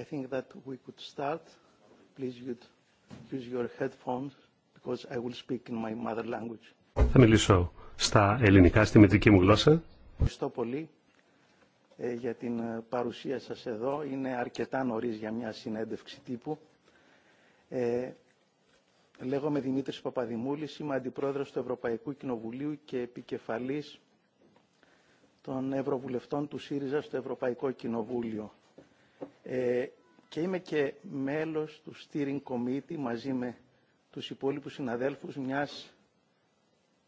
I think that we could start. Please use your headphones because I will speak in my mother language. Θα μιλήσω στα ελληνικά, στη μητρική μου γλώσσα. Ευχαριστώ πολύ ε, για την ε, παρουσία σας εδώ. Είναι αρκετά νωρίς για μια συνέντευξη τύπου. Ε, λέγομαι Δημήτρης Παπαδημούλης, είμαι αντιπρόεδρος του Ευρωπαϊκού Κοινοβουλίου και επικεφαλής των Ευρωβουλευτών του ΣΥΡΙΖΑ στο Ευρωπαϊκό Κοινοβούλιο. Ε, και είμαι και μέλος του Steering Committee μαζί με τους υπόλοιπους συναδέλφους μιας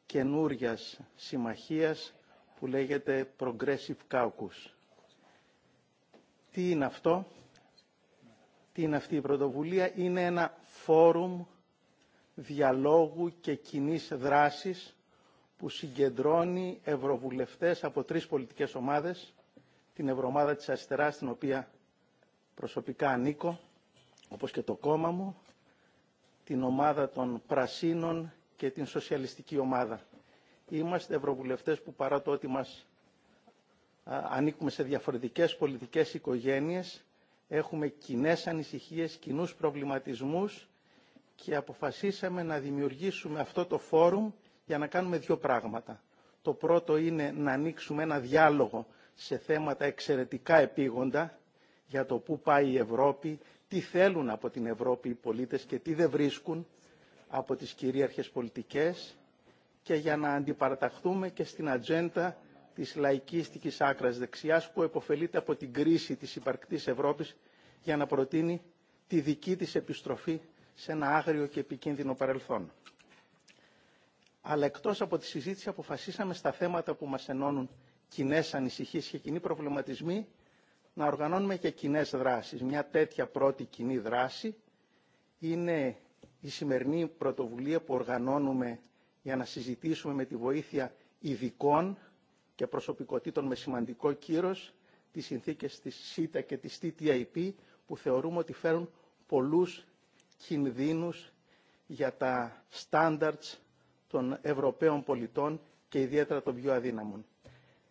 καινούρια συμμαχίας που λέγεται Progressive Caucus. Τι είναι αυτό, τι είναι αυτή η πρωτοβουλία, είναι ένα φόρουμ διαλόγου και κοινή δράσης που συγκεντρώνει ευρωβουλευτές από τρεις πολιτικές ομάδες, την Ευρωομάδα της Αστεράς, την οποία Προσωπικά ανήκω, όπως και το κόμμα μου, την ομάδα των Πρασίνων και την Σοσιαλιστική Ομάδα. Είμαστε ευρωβουλευτές που παρά το ότι μας ανήκουμε σε διαφορετικές πολιτικές οικογένειες, έχουμε κοινέ ανησυχίες, κοινούς προβληματισμούς και αποφασίσαμε να δημιουργήσουμε αυτό το φόρουμ για να κάνουμε δύο πράγματα. Το πρώτο είναι να ανοίξουμε ένα διάλογο σε θέματα εξαιρετικά επίγοντα, για το πού πάει η Ευρώπη, τι θέλουν από την Ευρώπη οι πολίτες και τι δεν βρίσκουν από τις κυρίαρχες πολιτικές και για να αντιπαραταχθούμε και στην ατζέντα της λαϊκίστικης άκρας δεξιάς που επωφελείται από την κρίση της υπαρκτής Ευρώπης για να προτείνει τη δική της επιστροφή σε ένα άγριο και επικίνδυνο παρελθόν. Αλλά εκτός από τη συζήτηση αποφασίσαμε στα θέματα που μας ενώνουν κοινέ ανησυχίες και κοινοί προβληματισμοί να οργανώνουμε και κοινέ δράσεις. Μια τέτοια πρώτη κοινή δράση είναι η σημερινή πρωτοβουλία που οργανώνουμε για να συζητήσουμε με τη βοήθεια ειδικών και προσωπικότητων με σημαντικό κύρος τις συνθήκες της ΣΥΤΑ και της TTIP που θεωρούμε ότι φέρουν πολλούς κινδύνους για τα standards των Ευρωπαίων πολιτών και ιδιαίτερα των πιο αδύναμων.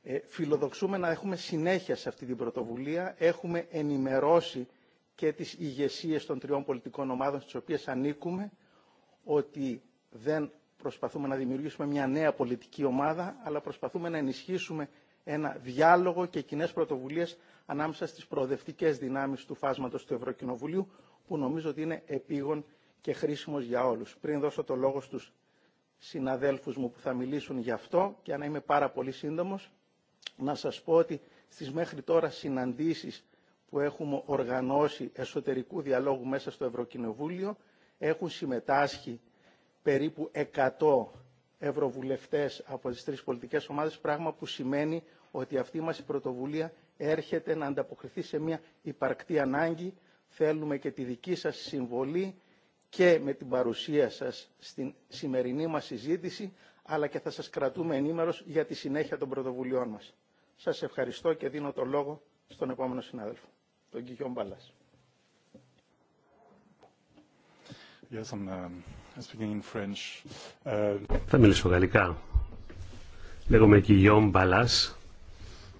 Ε, φιλοδοξούμε να έχουμε συνέχεια σε αυτή την πρωτοβουλία. Έχουμε ενημερώσει και τις ηγεσίες των τριών πολιτικών ομάδων στις οποίες ανήκουμε ότι δεν προσπαθούμε να δημιουργήσουμε μια νέα πολιτική ομάδα, αλλά προσπαθούμε να ενισχύσουμε ένα διάλογο και κοινέ πρωτοβουλίε ανάμεσα στι προοδευτικέ δυνάμει του φάσματο του Ευρωκοινοβουλίου, που νομίζω ότι είναι επίγον και χρήσιμο για όλου. Πριν δώσω το λόγο στου συναδέλφου μου που θα μιλήσουν γι' αυτό, και να είμαι πάρα πολύ σύντομο, να σας πω ότι στις μέχρι τώρα συναντήσεις που έχουμε οργανώσει εσωτερικού διαλόγου μέσα στο Ευρωκοινοβούλιο έχουν συμμετάσχει περίπου 100 ευρωβουλευτές από τις τρεις πολιτικές ομάδες, πράγμα που σημαίνει ότι αυτή μας η πρωτοβουλία έρχεται να ανταποκριθεί σε μια υπαρκτή ανάγκη. Θέλουμε και τη δική σας συμβολή και με την παρουσία σας στην σημερινή μας συζήτηση, αλλά και θα σας κρατούμε ενήμερος για τη συνέχεια των πρωτοβουλειών μας. Σας ευχαριστώ και δίνω το λόγο στον επόμενο συνάδελφο, τον Κιγιόν Μπάλας. Yes, I'm, uh, speaking in French. Uh, Θα μιλήσω γαλλικά. Λέγομαι Κιγιόν Μπάλας,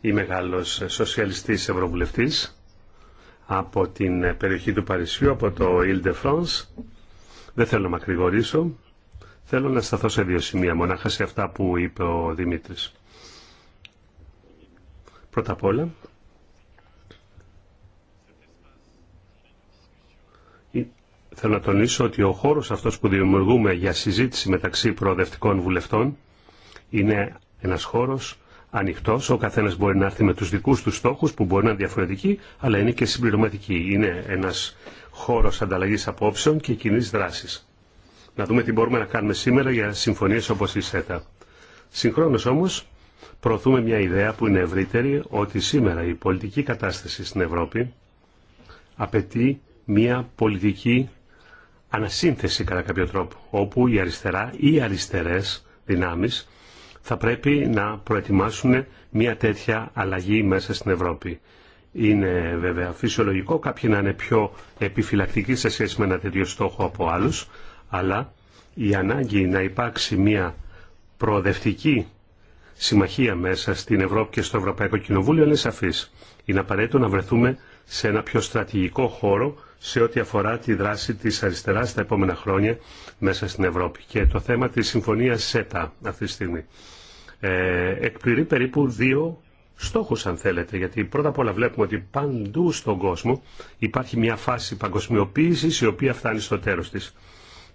ή μεγάλος σοσιαλιστής ευρωβουλευτής από την περιοχή του Παρισιού, από το Ile de France. Δεν θέλω να μακρηγορήσω. Θέλω να σταθώ σε δύο σημεία μονάχα σε αυτά που είπε ο Δημήτρης. Πρώτα απ' όλα, θέλω να τονίσω ότι ο χώρος αυτός που δημιουργούμε για συζήτηση μεταξύ προοδευτικών βουλευτών είναι ένας χώρος ανοιχτός, ο καθένας μπορεί να έρθει με τους δικούς του στόχους που μπορεί να είναι διαφορετικοί, αλλά είναι και συμπληρωματικοί. Είναι ένας χώρος ανταλλαγής απόψεων και κοινή δράσης. Να δούμε τι μπορούμε να κάνουμε σήμερα για συμφωνίες όπως η ΣΕΤΑ. Συγχρόνως όμως, προωθούμε μια ιδέα που είναι ευρύτερη ότι σήμερα η πολιτική κατάσταση στην Ευρώπη απαιτεί μια πολιτική ανασύνθεση κατά κάποιο τρόπο όπου η αριστερά ή οι αριστερές δυνάμεις θα πρέπει να προετοιμάσουν μια τέτοια αλλαγή μέσα στην Ευρώπη. Είναι βέβαια φυσιολογικό κάποιοι να είναι πιο επιφυλακτικοί σε σχέση με ένα τέτοιο στόχο από άλλους, αλλά η ανάγκη να υπάρξει μια προοδευτική συμμαχία μέσα στην Ευρώπη και στο Ευρωπαϊκό Κοινοβούλιο είναι σαφής. Είναι απαραίτητο να βρεθούμε σε ένα πιο στρατηγικό χώρο σε ό,τι αφορά τη δράση της αριστεράς τα επόμενα χρόνια μέσα στην Ευρώπη. Και το θέμα της συμφωνίας ΣΕΤΑ αυτή τη στιγμή. Ε, εκπληρεί περίπου δύο στόχους αν θέλετε, γιατί πρώτα απ' όλα βλέπουμε ότι παντού στον κόσμο υπάρχει μια φάση παγκοσμιοποίησης η οποία φτάνει στο τέλος της.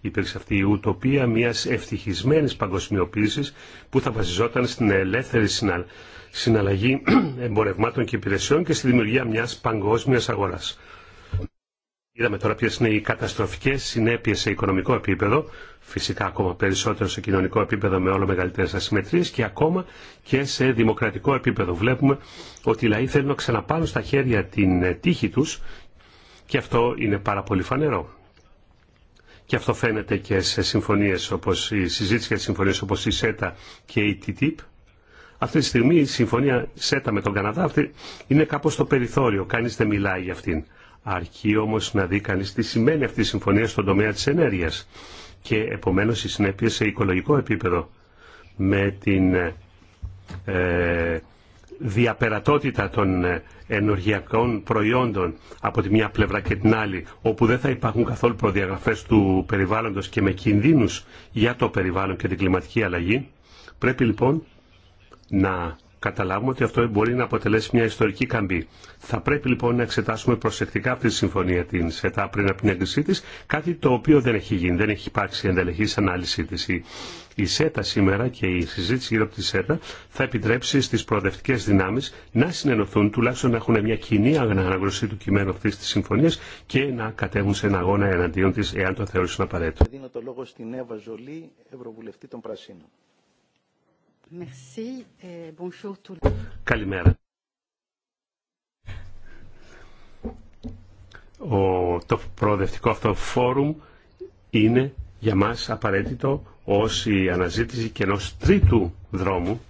Υπήρξε αυτή η ουτοπία μιας ευτυχισμένης παγκοσμιοποίησης που θα βασιζόταν στην ελεύθερη συναλλαγή εμπορευμάτων και υπηρεσιών και στη δημιουργία μιας παγκόσμιας αγοράς. Είδαμε τώρα ποιε είναι οι καταστροφικέ συνέπειε σε οικονομικό επίπεδο, φυσικά ακόμα περισσότερο σε κοινωνικό επίπεδο με όλο μεγαλύτερε ασυμμετρίε και ακόμα και σε δημοκρατικό επίπεδο. Βλέπουμε ότι οι λαοί θέλουν να ξαναπάρουν στα χέρια την τύχη του και αυτό είναι πάρα πολύ φανερό και αυτό φαίνεται και σε συμφωνίες όπως η συζήτηση για τις συμφωνίες όπως η ΣΕΤΑ και η TTIP. Αυτή τη στιγμή η συμφωνία ΣΕΤΑ με τον Καναδά αυτή είναι κάπως στο περιθώριο, κανείς δεν μιλάει για αυτήν. Αρκεί όμως να δει κανείς τι σημαίνει αυτή η συμφωνία στον τομέα της ενέργειας και επομένως η συνέπεια σε οικολογικό επίπεδο με την ε, διαπερατότητα των ε, ενεργειακών προϊόντων από τη μια πλευρά και την άλλη, όπου δεν θα υπάρχουν καθόλου προδιαγραφές του περιβάλλοντος και με κινδύνους για το περιβάλλον και την κλιματική αλλαγή, πρέπει λοιπόν να καταλάβουμε ότι αυτό μπορεί να αποτελέσει μια ιστορική καμπή. Θα πρέπει λοιπόν να εξετάσουμε προσεκτικά αυτή τη συμφωνία την ΣΕΤΑ πριν από την έγκρισή τη, κάτι το οποίο δεν έχει γίνει, δεν έχει υπάρξει εντελεχή ανάλυση τη. Η ΣΕΤΑ σήμερα και η συζήτηση γύρω από τη ΣΕΤΑ θα επιτρέψει στι προοδευτικέ δυνάμει να συνενωθούν, τουλάχιστον να έχουν μια κοινή αναγνωσή του κειμένου αυτή τη συμφωνία και να κατέβουν σε ένα αγώνα εναντίον τη, εάν το θεωρήσουν απαραίτητο. Δίνω το λόγο στην Εύα Ζολή, Ευρωβουλευτή των Πρασίνων. Καλημέρα. Ο, το προοδευτικό αυτό φόρουμ είναι για μας απαραίτητο ως η αναζήτηση και ενός τρίτου δρόμου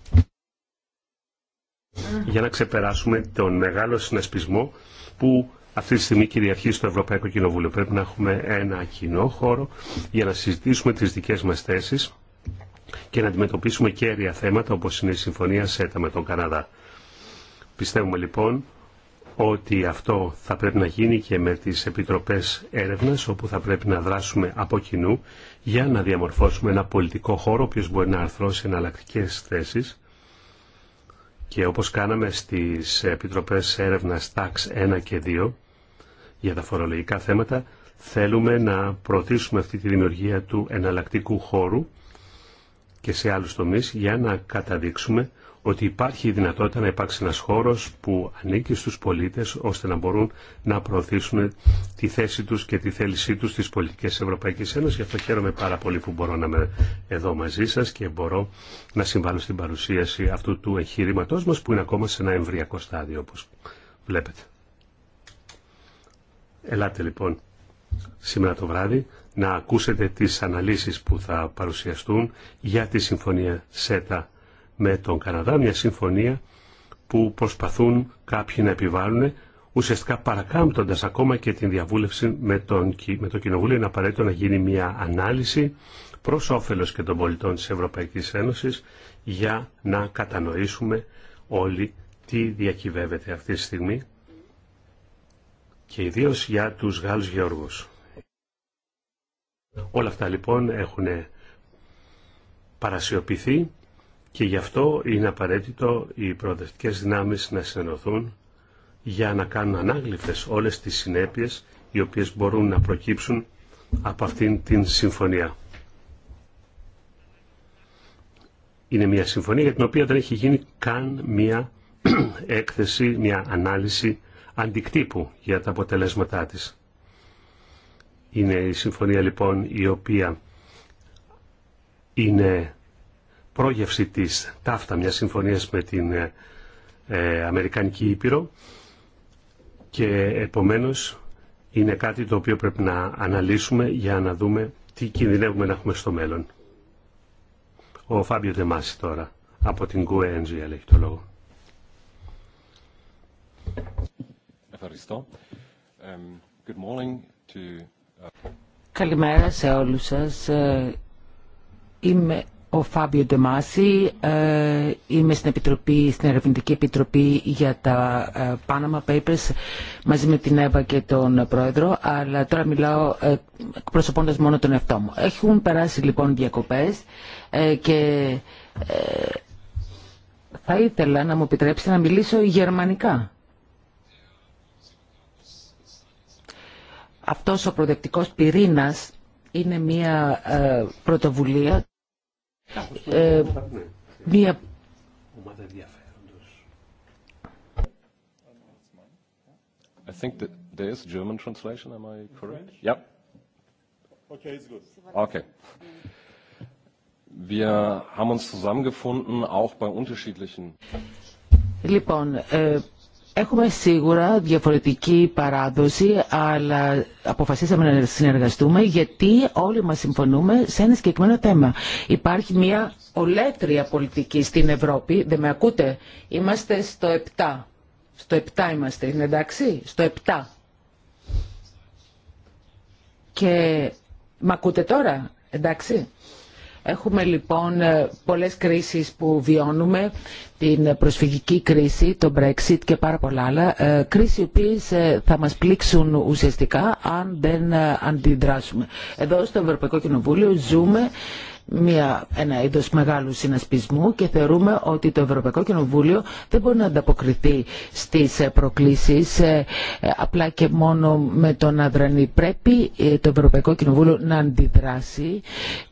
για να ξεπεράσουμε τον μεγάλο συνασπισμό που αυτή τη στιγμή κυριαρχεί στο Ευρωπαϊκό Κοινοβούλιο. Πρέπει να έχουμε ένα κοινό χώρο για να συζητήσουμε τις δικές μας θέσεις και να αντιμετωπίσουμε κέρια θέματα όπως είναι η Συμφωνία ΣΕΤΑ με τον Καναδά. Πιστεύουμε λοιπόν ότι αυτό θα πρέπει να γίνει και με τις επιτροπές έρευνας όπου θα πρέπει να δράσουμε από κοινού για να διαμορφώσουμε ένα πολιτικό χώρο ο μπορεί να αρθρώσει εναλλακτικέ θέσεις και όπως κάναμε στις επιτροπές έρευνας TAX 1 και 2 για τα φορολογικά θέματα θέλουμε να προωθήσουμε αυτή τη δημιουργία του εναλλακτικού χώρου και σε άλλους τομείς για να καταδείξουμε ότι υπάρχει η δυνατότητα να υπάρξει ένας χώρος που ανήκει στους πολίτες ώστε να μπορούν να προωθήσουν τη θέση τους και τη θέλησή τους στις πολιτικές Ευρωπαϊκής Ένωσης. Γι' αυτό χαίρομαι πάρα πολύ που μπορώ να είμαι εδώ μαζί σας και μπορώ να συμβάλλω στην παρουσίαση αυτού του εγχειρήματό μας που είναι ακόμα σε ένα εμβριακό στάδιο όπως βλέπετε. Ελάτε λοιπόν σήμερα το βράδυ να ακούσετε τις αναλύσεις που θα παρουσιαστούν για τη συμφωνία ΣΕΤΑ με τον Καναδά, μια συμφωνία που προσπαθούν κάποιοι να επιβάλλουν ουσιαστικά παρακάμπτοντας ακόμα και την διαβούλευση με, τον, το Κοινοβούλιο είναι απαραίτητο να γίνει μια ανάλυση προς όφελος και των πολιτών της Ευρωπαϊκής Ένωσης για να κατανοήσουμε όλοι τι διακυβεύεται αυτή τη στιγμή και ιδίως για τους Γάλλους Γεώργους. Όλα αυτά λοιπόν έχουν παρασιοποιηθεί και γι' αυτό είναι απαραίτητο οι προοδευτικές δυνάμεις να συνενωθούν για να κάνουν ανάγλυφες όλες τις συνέπειες οι οποίες μπορούν να προκύψουν από αυτήν την συμφωνία. Είναι μια συμφωνία για την οποία δεν έχει γίνει καν μια έκθεση, μια ανάλυση αντικτύπου για τα αποτελέσματά της. Είναι η συμφωνία λοιπόν η οποία είναι πρόγευση της ταύτα μιας συμφωνίας με την ε, ε, Αμερικανική Ήπειρο και επομένως είναι κάτι το οποίο πρέπει να αναλύσουμε για να δούμε τι κινδυνεύουμε να έχουμε στο μέλλον. Ο Φάμπιο Τεμάση τώρα από την QNG έχει το λόγο. Ευχαριστώ. Um, good morning to Καλημέρα σε όλους σας. Ε, είμαι ο Φάβιο Ντεμάση, ε, είμαι στην, Επιτροπή, στην Ερευνητική Επιτροπή για τα ε, Panama Papers μαζί με την ΕΒΑ και τον Πρόεδρο, αλλά τώρα μιλάω εκπροσωπώντας μόνο τον εαυτό μου. Έχουν περάσει λοιπόν διακοπές και θα ήθελα να μου επιτρέψετε να μιλήσω γερμανικά. Αυτός ο προδεκτικός πυρήνας είναι μια ε, πρωτοβουλία, ε, μια I think that there is German translation, am I correct? Yeah. Okay, it's good. Okay. Wir haben uns zusammengefunden, auch bei unterschiedlichen... Λοιπόν, Έχουμε σίγουρα διαφορετική παράδοση, αλλά αποφασίσαμε να συνεργαστούμε γιατί όλοι μας συμφωνούμε σε ένα συγκεκριμένο θέμα. Υπάρχει μια ολέτρια πολιτική στην Ευρώπη. Δεν με ακούτε. Είμαστε στο 7. Στο 7 είμαστε, είναι εντάξει. Στο 7. Και με ακούτε τώρα, εντάξει. Έχουμε λοιπόν ε, πολλές κρίσεις που βιώνουμε, την προσφυγική κρίση, το Brexit και πάρα πολλά άλλα, ε, κρίση οι οποίε ε, θα μας πλήξουν ουσιαστικά αν δεν ε, αντιδράσουμε. Εδώ στο Ευρωπαϊκό Κοινοβούλιο ζούμε μια, ένα είδος μεγάλου συνασπισμού και θεωρούμε ότι το Ευρωπαϊκό Κοινοβούλιο δεν μπορεί να ανταποκριθεί στις προκλήσεις απλά και μόνο με τον αδρανή. Πρέπει το Ευρωπαϊκό Κοινοβούλιο να αντιδράσει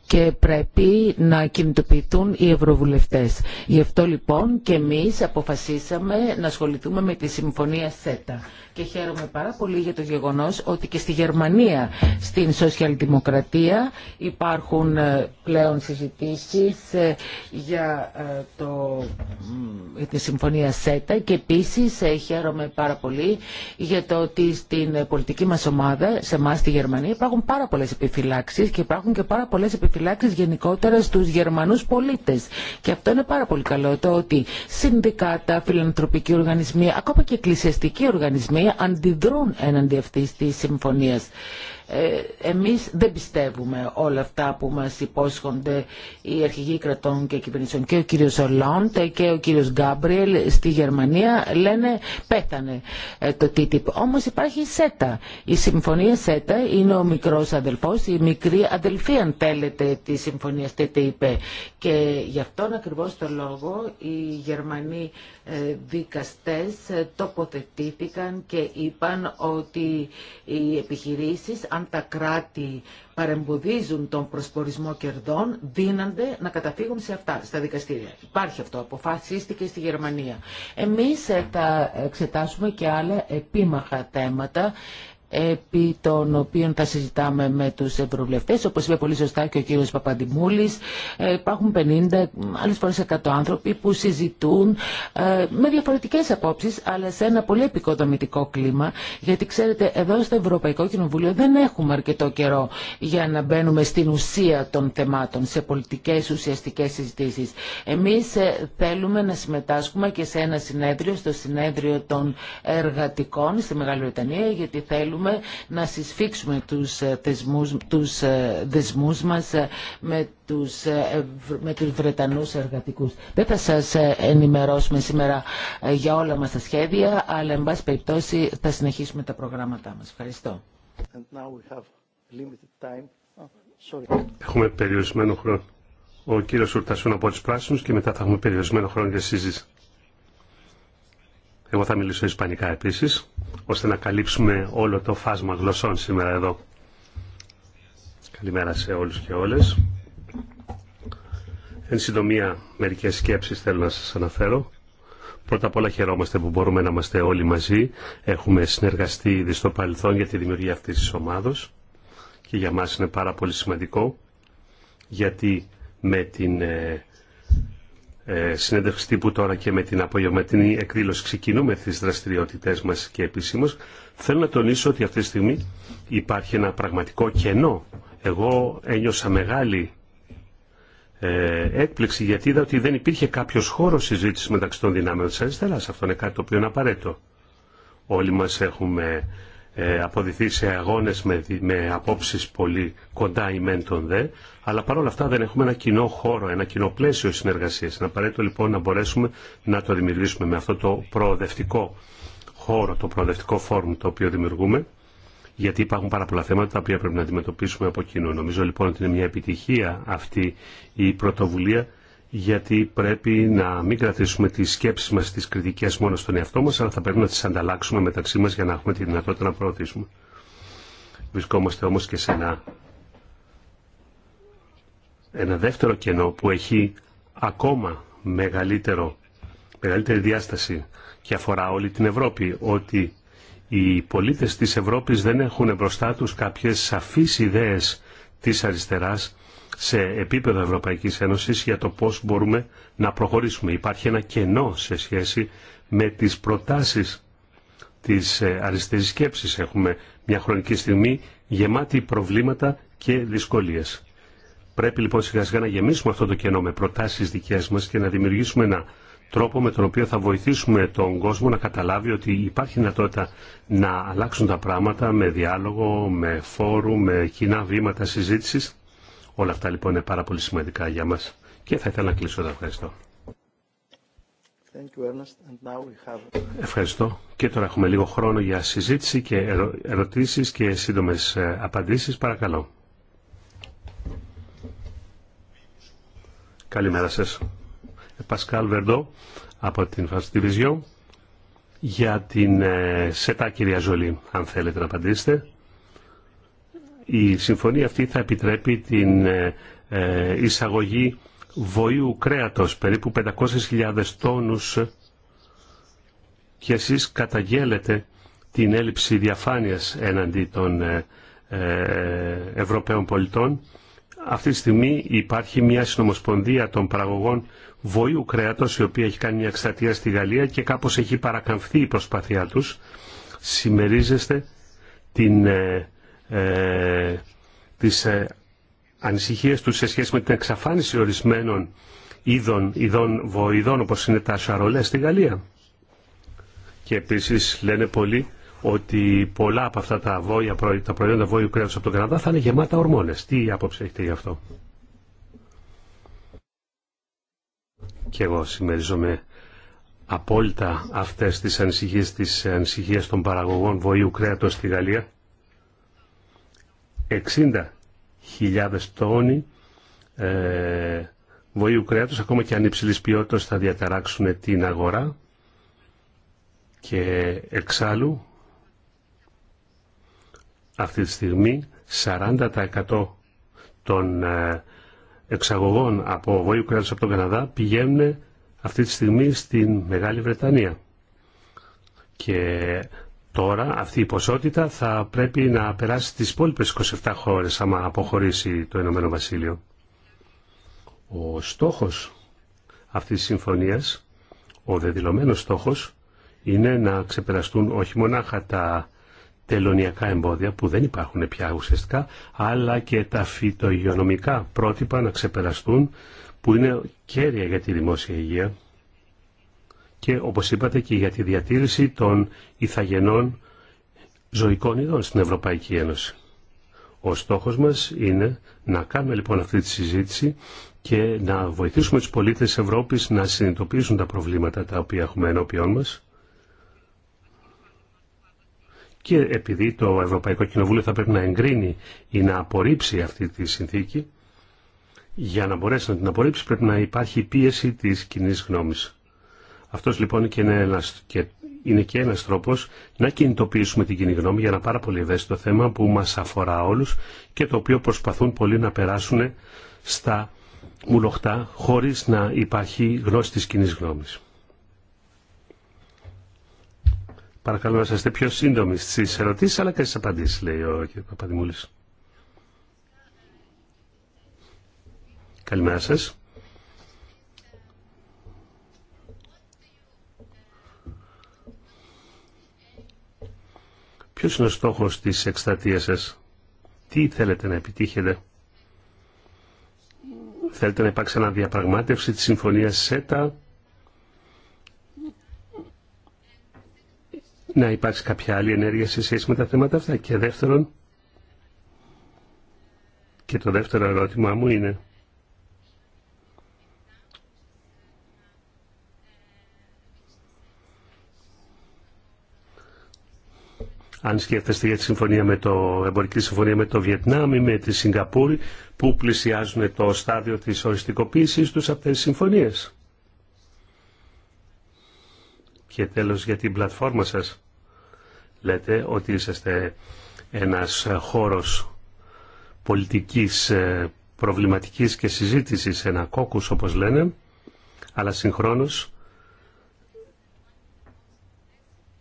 και πρέπει να κινητοποιηθούν οι ευρωβουλευτές. Γι' αυτό λοιπόν και εμείς αποφασίσαμε να ασχοληθούμε με τη Συμφωνία ΣΕΤΑ και χαίρομαι πάρα πολύ για το γεγονός ότι και στη Γερμανία στην σοσιαλδημοκρατία υπάρχουν ε, πλέον συζητήσεις ε, για, ε, το, για τη συμφωνία ΣΕΤΑ και επίσης χαίρομαι πάρα πολύ για το ότι στην πολιτική μας ομάδα, σε εμά στη Γερμανία υπάρχουν πάρα πολλές επιφυλάξεις και υπάρχουν και πάρα πολλές επιφυλάξεις γενικότερα στους Γερμανούς πολίτες και αυτό είναι πάρα πολύ καλό το ότι συνδικάτα, φιλανθρωπικοί οργανισμοί, ακόμα και εκκλησιαστικοί οργανισμοί αντιδρούν έναντι αυτής της συμφωνίας. Ε, εμείς δεν πιστεύουμε όλα αυτά που μας υπόσχονται οι αρχηγοί κρατών και κυβερνήσεων. Και ο κύριος Ολόντ και ο κύριος Γκάμπριελ στη Γερμανία λένε πέθανε ε, το TTIP. Όμως υπάρχει η ΣΕΤΑ. Η συμφωνία ΣΕΤΑ είναι ο μικρός αδελφός, η μικρή αδελφή αν θέλετε τη συμφωνία TTIP. Και γι' αυτόν ακριβώς το λόγο οι Γερμανοί ε, δικαστές τοποθετήθηκαν και είπαν ότι οι επιχειρήσεις αν τα κράτη παρεμποδίζουν τον προσπορισμό κερδών, δίνονται να καταφύγουν σε αυτά, στα δικαστήρια. Υπάρχει αυτό, αποφασίστηκε στη Γερμανία. Εμείς θα εξετάσουμε και άλλα επίμαχα θέματα επί των οποίων θα συζητάμε με τους ευρωβουλευτές. Όπως είπε πολύ σωστά και ο κύριος Παπαντιμούλης, ε, υπάρχουν 50, άλλες φορές 100 άνθρωποι που συζητούν ε, με διαφορετικές απόψεις, αλλά σε ένα πολύ επικοδομητικό κλίμα, γιατί ξέρετε, εδώ στο Ευρωπαϊκό Κοινοβούλιο δεν έχουμε αρκετό καιρό για να μπαίνουμε στην ουσία των θεμάτων, σε πολιτικές ουσιαστικές συζητήσεις. Εμείς ε, θέλουμε να συμμετάσχουμε και σε ένα συνέδριο, στο συνέδριο των εργατικών στη Μεγάλη Βρετανία, γιατί θέλουμε να συσφίξουμε τους, ε, θεσμούς, τους ε, δεσμούς μας ε, με τους, με τους Βρετανούς εργατικούς. Δεν θα σας ενημερώσουμε σήμερα για όλα μας τα σχέδια, αλλά εν πάση περιπτώσει θα συνεχίσουμε τα προγράμματά μας. Ευχαριστώ. Oh, έχουμε περιορισμένο χρόνο. Ο κύριος Ουρτασούν από τους Πράσινους και μετά θα έχουμε περιορισμένο χρόνο για συζήτηση. Εγώ θα μιλήσω ισπανικά επίσης, ώστε να καλύψουμε όλο το φάσμα γλωσσών σήμερα εδώ. Καλημέρα σε όλους και όλες. Εν συντομία, μερικές σκέψεις θέλω να σας αναφέρω. Πρώτα απ' όλα χαιρόμαστε που μπορούμε να είμαστε όλοι μαζί. Έχουμε συνεργαστεί ήδη στο παρελθόν για τη δημιουργία αυτής της ομάδος και για μας είναι πάρα πολύ σημαντικό γιατί με την ε, ε, συνέντευξη τύπου τώρα και με την απογευματινή εκδήλωση ξεκινούμε τις δραστηριότητές μας και επισήμως, θέλω να τονίσω ότι αυτή τη στιγμή υπάρχει ένα πραγματικό κενό. Εγώ ένιωσα μεγάλη ε, έκπληξη γιατί είδα ότι δεν υπήρχε κάποιος χώρος συζήτηση μεταξύ των δυνάμεων της αριστεράς. Αυτό είναι κάτι το οποίο είναι απαραίτητο. Όλοι μας έχουμε ε, αποδηθεί σε αγώνες με, με απόψεις πολύ κοντά ημέν των δε, αλλά παρόλα αυτά δεν έχουμε ένα κοινό χώρο, ένα κοινό πλαίσιο συνεργασίας. Είναι απαραίτητο λοιπόν να μπορέσουμε να το δημιουργήσουμε με αυτό το προοδευτικό χώρο, το προοδευτικό φόρουμ το οποίο δημιουργούμε, γιατί υπάρχουν πάρα πολλά θέματα τα οποία πρέπει να αντιμετωπίσουμε από κοινού. Νομίζω λοιπόν ότι είναι μια επιτυχία αυτή η πρωτοβουλία γιατί πρέπει να μην κρατήσουμε τις σκέψεις μας, τις κριτικές μόνο στον εαυτό μας, αλλά θα πρέπει να τις ανταλλάξουμε μεταξύ μας για να έχουμε τη δυνατότητα να προωθήσουμε. Βρισκόμαστε όμως και σε ένα, ένα δεύτερο κενό που έχει ακόμα μεγαλύτερο, μεγαλύτερη διάσταση και αφορά όλη την Ευρώπη, ότι οι πολίτες της Ευρώπης δεν έχουν μπροστά τους κάποιες σαφείς ιδέες της αριστεράς σε επίπεδο Ευρωπαϊκής Ένωσης για το πώς μπορούμε να προχωρήσουμε. Υπάρχει ένα κενό σε σχέση με τις προτάσεις της ε, αριστερής σκέψης. Έχουμε μια χρονική στιγμή γεμάτη προβλήματα και δυσκολίες. Πρέπει λοιπόν σιγά σιγά να γεμίσουμε αυτό το κενό με προτάσεις δικές μας και να δημιουργήσουμε ένα τρόπο με τον οποίο θα βοηθήσουμε τον κόσμο να καταλάβει ότι υπάρχει δυνατότητα να αλλάξουν τα πράγματα με διάλογο, με φόρου, με κοινά βήματα συζήτησης Όλα αυτά λοιπόν είναι πάρα πολύ σημαντικά για μας και θα ήθελα να κλείσω εδώ. Ευχαριστώ. Ευχαριστώ. Και τώρα έχουμε λίγο χρόνο για συζήτηση και ερω... ερωτήσεις και σύντομες ε, απαντήσεις. Παρακαλώ. Καλημέρα σας. Ε, Πασκάλ Βερντό από την Φαστιβιζιό για την ε, ΣΕΤΑ κυρία Ζολή, αν θέλετε να απαντήσετε. Η συμφωνία αυτή θα επιτρέπει την ε, ε, εισαγωγή βοήου κρέατος, περίπου 500.000 τόνους και εσείς καταγγέλλετε την έλλειψη διαφάνειας έναντι των ε, Ευρωπαίων πολιτών. Αυτή τη στιγμή υπάρχει μια συνομοσπονδία των παραγωγών βοήου κρέατος η οποία έχει κάνει μια στη Γαλλία και κάπως έχει παρακαμφθεί η προσπάθειά τους. Σημερίζεστε την ε, τις ε, ανησυχίες τους σε σχέση με την εξαφάνιση ορισμένων είδων, ειδών βοηδών όπως είναι τα σαρολέ στη Γαλλία. Και επίσης λένε πολλοί ότι πολλά από αυτά τα, βόια, τα προϊόντα βόηου κρέατος από τον Καναδά θα είναι γεμάτα ορμόνες. Τι άποψη έχετε γι' αυτό. Και εγώ συμμερίζομαι απόλυτα αυτές τις ανησυχίες, τις ανησυχίες των παραγωγών βοήου κρέατος στη Γαλλία 60.000 τόνοι ε, βοήου κρέατος, ακόμα και αν υψηλής ποιότητας θα διαταράξουν την αγορά και εξάλλου αυτή τη στιγμή 40% των ε, εξαγωγών από βοήου κρέατος από τον Καναδά πηγαίνουν αυτή τη στιγμή στην Μεγάλη Βρετανία. Και Τώρα αυτή η ποσότητα θα πρέπει να περάσει στις υπόλοιπες 27 χώρες άμα αποχωρήσει το Ηνωμένο Βασίλειο. Ο στόχος αυτής της συμφωνίας, ο δεδηλωμένος στόχος, είναι να ξεπεραστούν όχι μονάχα τα τελωνιακά εμπόδια που δεν υπάρχουν πια ουσιαστικά, αλλά και τα φυτογειονομικά πρότυπα να ξεπεραστούν που είναι κέρια για τη δημόσια υγεία και όπως είπατε και για τη διατήρηση των ηθαγενών ζωικών ειδών στην Ευρωπαϊκή Ένωση. Ο στόχος μας είναι να κάνουμε λοιπόν αυτή τη συζήτηση και να βοηθήσουμε τους πολίτες της Ευρώπης να συνειδητοποιήσουν τα προβλήματα τα οποία έχουμε ενώπιόν μας. Και επειδή το Ευρωπαϊκό Κοινοβούλιο θα πρέπει να εγκρίνει ή να απορρίψει αυτή τη συνθήκη, για να μπορέσει να την απορρίψει πρέπει να υπάρχει πίεση της κοινή γνώμης. Αυτός λοιπόν και είναι ένας, και είναι και ένας τρόπος να κινητοποιήσουμε την κοινή γνώμη για ένα πάρα πολύ ευαίσθητο θέμα που μας αφορά όλους και το οποίο προσπαθούν πολλοί να περάσουν στα μουλοχτά χωρίς να υπάρχει γνώση της κοινή γνώμης. Παρακαλώ να είστε πιο σύντομοι στις ερωτήσεις αλλά και στις απαντήσεις, λέει ο κ. Παπαδημούλης. Καλημέρα σας. Ποιος είναι ο στόχος της εκστατείας σας. Τι θέλετε να επιτύχετε. Θέλετε να υπάρξει διαπραγμάτευση της συμφωνίας ΣΕΤΑ. Να υπάρξει κάποια άλλη ενέργεια σε σχέση με τα θέματα αυτά. Και δεύτερον, και το δεύτερο ερώτημά μου είναι αν σκέφτεστε για τη συμφωνία με το, εμπορική συμφωνία με το Βιετνάμ με τη Σιγκαπούρη που πλησιάζουν το στάδιο της οριστικοποίησης τους από τις συμφωνίες. Και τέλος για την πλατφόρμα σας. Λέτε ότι είσαστε ένας χώρος πολιτικής ε, προβληματικής και συζήτησης, ένα κόκκους όπως λένε, αλλά συγχρόνως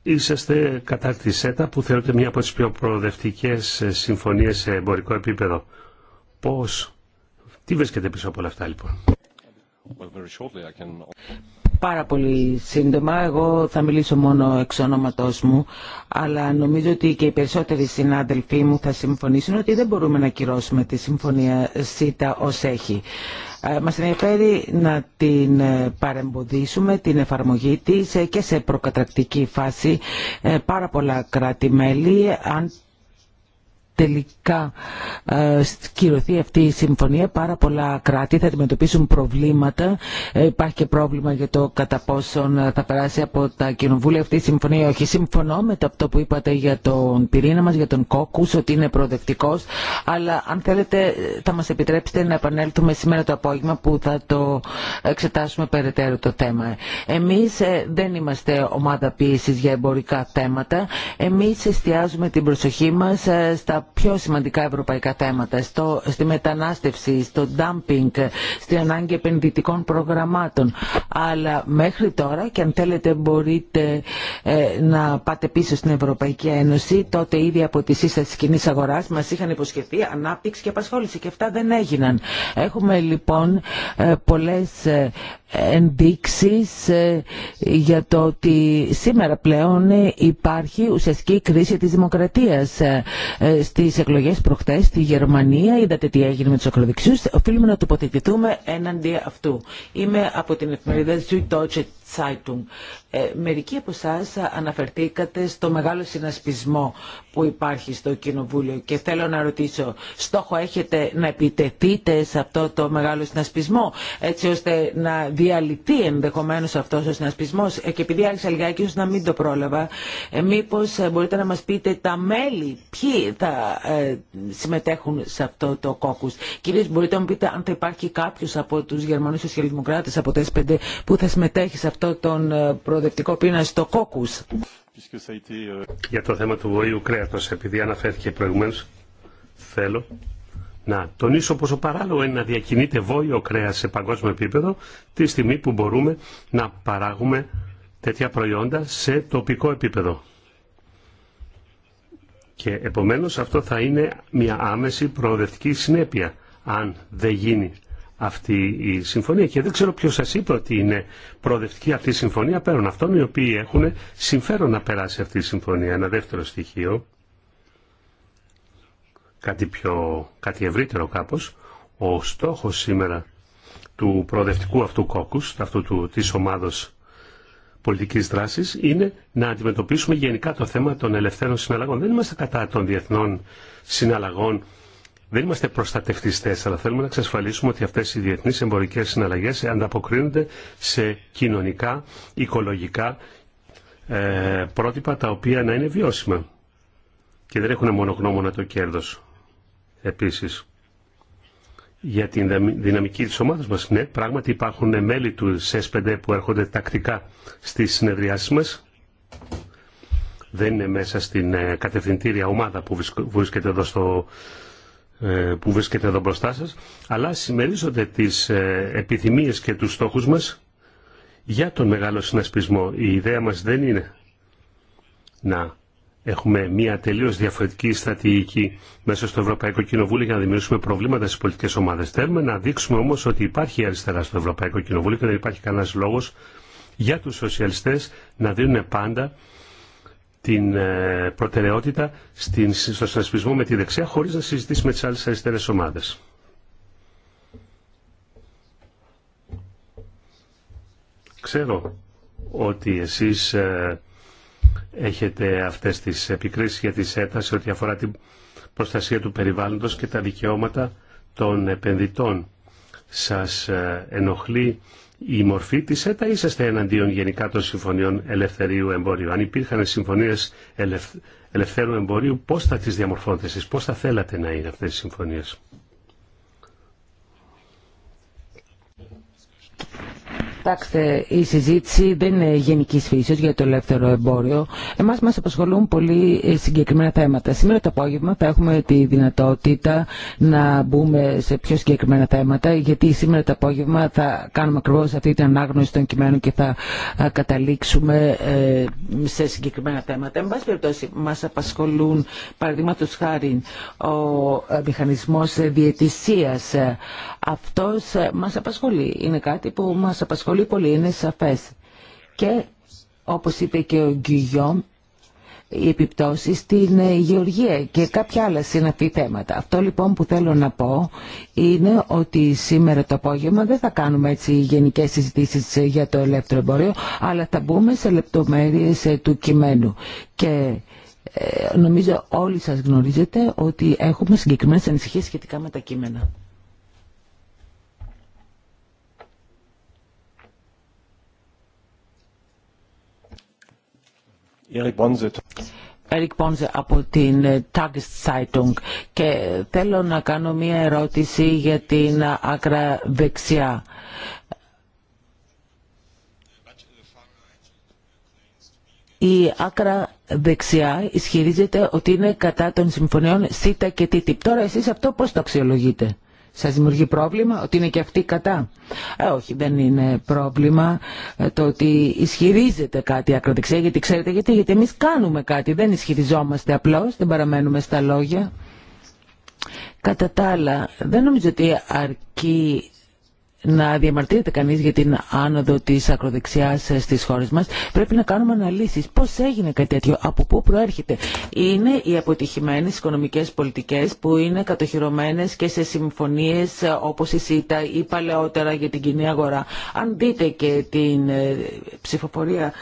είσαστε κατά τη ΣΕΤΑ που θεωρείται μια από τις πιο προοδευτικές ε, συμφωνίες σε εμπορικό επίπεδο. Πώς, τι βρίσκεται πίσω από όλα αυτά λοιπόν. Πάρα πολύ σύντομα, εγώ θα μιλήσω μόνο εξ ονόματός μου, αλλά νομίζω ότι και οι περισσότεροι συνάδελφοί μου θα συμφωνήσουν ότι δεν μπορούμε να κυρώσουμε τη συμφωνία ΣΥΤΑ ως έχει. Ε, μας ενδιαφέρει να την ε, παρεμποδίσουμε, την εφαρμογή της ε, και σε προκατρακτική φάση πάρα πολλά κράτη-μέλη, τελικά ε, κυρωθεί αυτή η συμφωνία, πάρα πολλά κράτη θα αντιμετωπίσουν προβλήματα. Ε, υπάρχει και πρόβλημα για το κατά πόσον θα περάσει από τα κοινοβούλια αυτή η συμφωνία. Όχι, συμφωνώ με το αυτό που είπατε για τον πυρήνα μας, για τον κόκκους, ότι είναι προοδευτικός. Αλλά αν θέλετε θα μας επιτρέψετε να επανέλθουμε σήμερα το απόγευμα που θα το εξετάσουμε περαιτέρω το θέμα. Εμείς ε, δεν είμαστε ομάδα πίεσης για εμπορικά θέματα. Εμείς εστιάζουμε την προσοχή μας στα πιο σημαντικά ευρωπαϊκά θέματα, στο, στη μετανάστευση, στο dumping στην ανάγκη επενδυτικών προγραμμάτων. Αλλά μέχρι τώρα, και αν θέλετε μπορείτε ε, να πάτε πίσω στην Ευρωπαϊκή Ένωση, τότε ήδη από τη σύσταση κοινής αγοράς μας είχαν υποσχεθεί ανάπτυξη και απασχόληση και αυτά δεν έγιναν. Έχουμε λοιπόν ε, πολλές ε, ενδείξεις ε, για το ότι σήμερα πλέον υπάρχει ουσιαστική κρίση της δημοκρατίας στις εκλογές προχτές στη Γερμανία, είδατε τι έγινε με τους ακροδεξιούς, οφείλουμε να τοποθετηθούμε έναντι αυτού. Είμαι από την εφημερίδα Süddeutsche Zeitung. Ε, μερικοί από εσά αναφερθήκατε στο μεγάλο συνασπισμό που υπάρχει στο Κοινοβούλιο και θέλω να ρωτήσω, στόχο έχετε να επιτεθείτε σε αυτό το μεγάλο συνασπισμό έτσι ώστε να διαλυθεί ενδεχομένως αυτό ο συνασπισμός ε, και επειδή άρχισα λιγάκι να μην το πρόλαβα, ε, μήπως μπορείτε να μα πείτε τα μέλη, ποιοι θα συμμετέχουν σε αυτό το κόκκου. Κυρίω μπορείτε να μου πείτε αν θα υπάρχει κάποιο από του Γερμανού Σοσιαλδημοκράτε, από το S5 που θα συμμετέχει σε αυτό τον ε, Για το θέμα του βοήου κρέατος, επειδή αναφέρθηκε προηγουμένως, θέλω να τονίσω πόσο παράλογο είναι να διακινείται βόλιο κρέας σε παγκόσμιο επίπεδο τη στιγμή που μπορούμε να παράγουμε τέτοια προϊόντα σε τοπικό επίπεδο. Και επομένως αυτό θα είναι μια άμεση προοδευτική συνέπεια αν δεν γίνει αυτή η συμφωνία και δεν ξέρω ποιος σας είπε ότι είναι προοδευτική αυτή η συμφωνία πέραν αυτών οι οποίοι έχουν συμφέρον να περάσει αυτή η συμφωνία. Ένα δεύτερο στοιχείο, κάτι, πιο, κάτι ευρύτερο κάπως, ο στόχος σήμερα του προοδευτικού αυτού κόκκους, αυτού του, της ομάδος πολιτικής δράσης, είναι να αντιμετωπίσουμε γενικά το θέμα των ελευθέρων συναλλαγών. Δεν είμαστε κατά των διεθνών συναλλαγών δεν είμαστε προστατευτιστέ, αλλά θέλουμε να εξασφαλίσουμε ότι αυτέ οι διεθνεί εμπορικέ συναλλαγέ ανταποκρίνονται σε κοινωνικά, οικολογικά ε, πρότυπα τα οποία να είναι βιώσιμα και δεν έχουν μόνο γνώμονα το κέρδο. Επίση. για την δυναμική τη ομάδα μα. ναι, πράγματι υπάρχουν μέλη του s 5 που έρχονται τακτικά στι συνεδριάσει μα. Δεν είναι μέσα στην ε, κατευθυντήρια ομάδα που βρίσκεται εδώ στο ε, που βρίσκεται εδώ μπροστά σας, αλλά συμμερίζονται τις ε, επιθυμίες και τους στόχους μας για τον μεγάλο συνασπισμό. Η ιδέα μας δεν είναι να έχουμε μια τελείως διαφορετική στρατηγική μέσα στο Ευρωπαϊκό Κοινοβούλιο για να δημιουργήσουμε προβλήματα στις πολιτικές ομάδες. Θέλουμε να δείξουμε όμως ότι υπάρχει αριστερά στο Ευρωπαϊκό Κοινοβούλιο και δεν υπάρχει κανένας λόγος για τους σοσιαλιστές να δίνουν πάντα την ε, προτεραιότητα στην, στο συνασπισμό με τη δεξιά χωρίς να συζητήσει με τις άλλες αριστερές ομάδες. Ξέρω ότι εσείς ε, έχετε αυτές τις επικρίσεις για τη ΣΕΤΑ σε ό,τι αφορά την προστασία του περιβάλλοντος και τα δικαιώματα των επενδυτών. Σας ε, ενοχλεί η μορφή της ΕΤΑ είσαστε εναντίον γενικά των συμφωνιών ελευθερίου εμπορίου. Αν υπήρχαν συμφωνίες ελευθέρου εμπορίου, πώς θα τις διαμορφώνετε εσεί, πώς θα θέλατε να είναι αυτές οι συμφωνίες. Κοιτάξτε, η συζήτηση δεν είναι γενική φύση για το ελεύθερο εμπόριο. Εμά μα απασχολούν πολύ ε, συγκεκριμένα θέματα. Σήμερα το απόγευμα θα έχουμε τη δυνατότητα να μπούμε σε πιο συγκεκριμένα θέματα, γιατί σήμερα το απόγευμα θα κάνουμε ακριβώ αυτή την ανάγνωση των κειμένων και θα ε, καταλήξουμε ε, σε συγκεκριμένα θέματα. Εν πάση περιπτώσει, μα απασχολούν, παραδείγματο χάρη, ο μηχανισμό διαιτησία. Αυτό μα απασχολεί. Είναι κάτι που μα απασχολεί Πολύ πολύ, είναι σαφές. Και όπως είπε και ο Γκυγιόμ, οι επιπτώσεις στην ε, γεωργία και κάποια άλλα συναφή θέματα. Αυτό λοιπόν που θέλω να πω είναι ότι σήμερα το απόγευμα δεν θα κάνουμε έτσι γενικές συζητήσεις ε, για το ελεύθερο εμπόριο, αλλά θα μπούμε σε λεπτομέρειες ε, του κειμένου. Και νομίζω όλοι σας γνωρίζετε ότι έχουμε συγκεκριμένες ανησυχίες σχετικά με τα κείμενα. Eric Bonze από την ε, Tageszeitung και θέλω να κάνω μία ερώτηση για την άκρα δεξιά. Η άκρα δεξιά ισχυρίζεται ότι είναι κατά των συμφωνιών ΣΥΤΑ και ΤΙΤΙΠ. Τώρα εσείς αυτό πώς το αξιολογείτε. Σα δημιουργεί πρόβλημα ότι είναι και αυτοί κατά. Ε, όχι, δεν είναι πρόβλημα ε, το ότι ισχυρίζεται κάτι ακροδεξιά, γιατί ξέρετε γιατί, γιατί εμείς κάνουμε κάτι, δεν ισχυριζόμαστε απλώς, δεν παραμένουμε στα λόγια. Κατά τα άλλα, δεν νομίζω ότι αρκεί να διαμαρτύρεται κανείς για την άνοδο της ακροδεξιάς ε, στις χώρες μας, πρέπει να κάνουμε αναλύσεις. Πώς έγινε κάτι τέτοιο, από πού προέρχεται. Είναι οι αποτυχημένες οικονομικές πολιτικές που είναι κατοχυρωμένες και σε συμφωνίες ε, όπως η ΣΥΤΑ ή παλαιότερα για την κοινή αγορά. Αν δείτε και την ε, ψηφοφορία,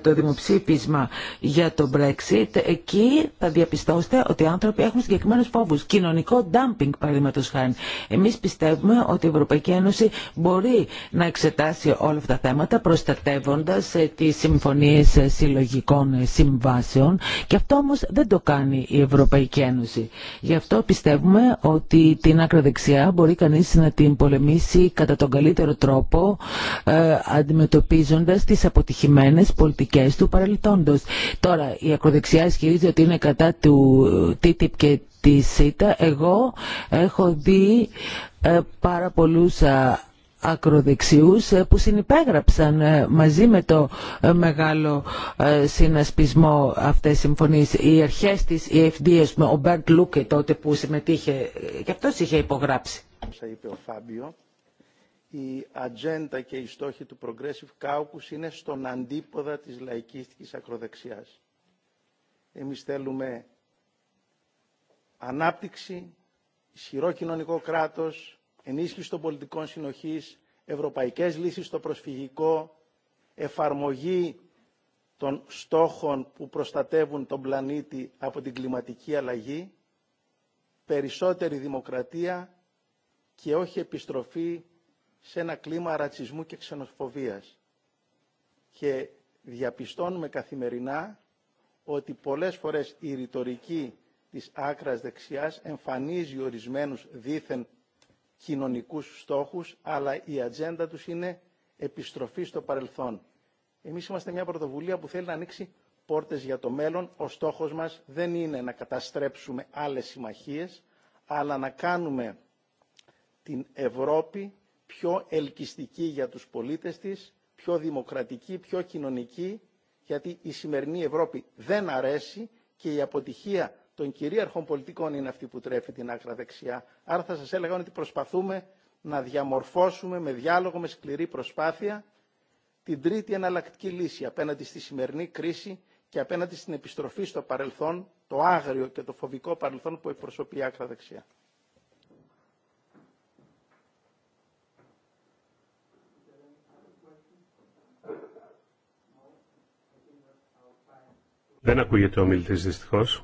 το δημοψήφισμα για το Brexit, εκεί θα διαπιστώσετε ότι οι άνθρωποι έχουν συγκεκριμένους φόβους. Κοινωνικό dumping, παραδείγματος χάρη. Εμείς πιστεύουμε ότι η Ευρωπαϊκή Ένωση μπορεί να εξετάσει όλα αυτά τα θέματα προστατεύοντας ε, τις συμφωνίες ε, συλλογικών ε, συμβάσεων και αυτό όμως δεν το κάνει η Ευρωπαϊκή Ένωση. Γι' αυτό πιστεύουμε ότι την ακροδεξιά μπορεί κανείς να την πολεμήσει κατά τον καλύτερο τρόπο αντιμετωπίζοντας τις αποτυχημένες πολιτικές του παρελθόντος. Τώρα η ακροδεξιά ισχυρίζει ότι είναι κατά του TTIP και τη ΣΥΤΑ. Εγώ έχω δει πάρα πολλούς ακροδεξιούς ε, που συνυπέγραψαν ε, μαζί με το ε, μεγάλο συνασπισμό αυτές τις συμφωνίες. Οι αρχές της EFD, ο Μπέρντ Λούκε τότε που συμμετείχε και αυτός είχε υπογράψει. Όπως είπε ο Φάμπιο, η ατζέντα και οι στόχοι του Progressive Caucus είναι στον αντίποδα της λαϊκίστικης ακροδεξιάς. Εμείς θέλουμε ανάπτυξη, ισχυρό κοινωνικό κράτος, ενίσχυση των πολιτικών συνοχής, ευρωπαϊκές λύσεις στο προσφυγικό, εφαρμογή των στόχων που προστατεύουν τον πλανήτη από την κλιματική αλλαγή, περισσότερη δημοκρατία και όχι επιστροφή σε ένα κλίμα ρατσισμού και ξενοφοβίας. Και διαπιστώνουμε καθημερινά ότι πολλές φορές η ρητορική της άκρας δεξιάς εμφανίζει ορισμένους δήθεν κοινωνικούς στόχους, αλλά η ατζέντα τους είναι επιστροφή στο παρελθόν. Εμείς είμαστε μια πρωτοβουλία που θέλει να ανοίξει πόρτες για το μέλλον. Ο στόχος μας δεν είναι να καταστρέψουμε άλλες συμμαχίες, αλλά να κάνουμε την Ευρώπη πιο ελκυστική για τους πολίτες της, πιο δημοκρατική, πιο κοινωνική, γιατί η σημερινή Ευρώπη δεν αρέσει και η αποτυχία των κυρίαρχων πολιτικών είναι αυτή που τρέφει την άκρα δεξιά. Άρα θα σας έλεγα ότι προσπαθούμε να διαμορφώσουμε με διάλογο, με σκληρή προσπάθεια, την τρίτη εναλλακτική λύση απέναντι στη σημερινή κρίση και απέναντι στην επιστροφή στο παρελθόν, το άγριο και το φοβικό παρελθόν που εκπροσωπεί η άκρα δεξιά. Δεν ακούγεται ο μιλητής δυστυχώς.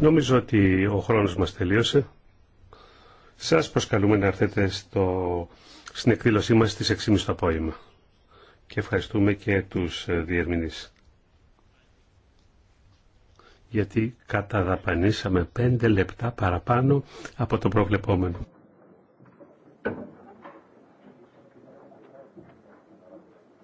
Νομίζω ότι ο χρόνος μας τελείωσε. Σας προσκαλούμε να έρθετε στο, στην εκδήλωσή μας στις 6.30 το απόγευμα. Και ευχαριστούμε και τους ε, διερμηνείς. Γιατί καταδαπανίσαμε 5 λεπτά παραπάνω από το προβλεπόμενο.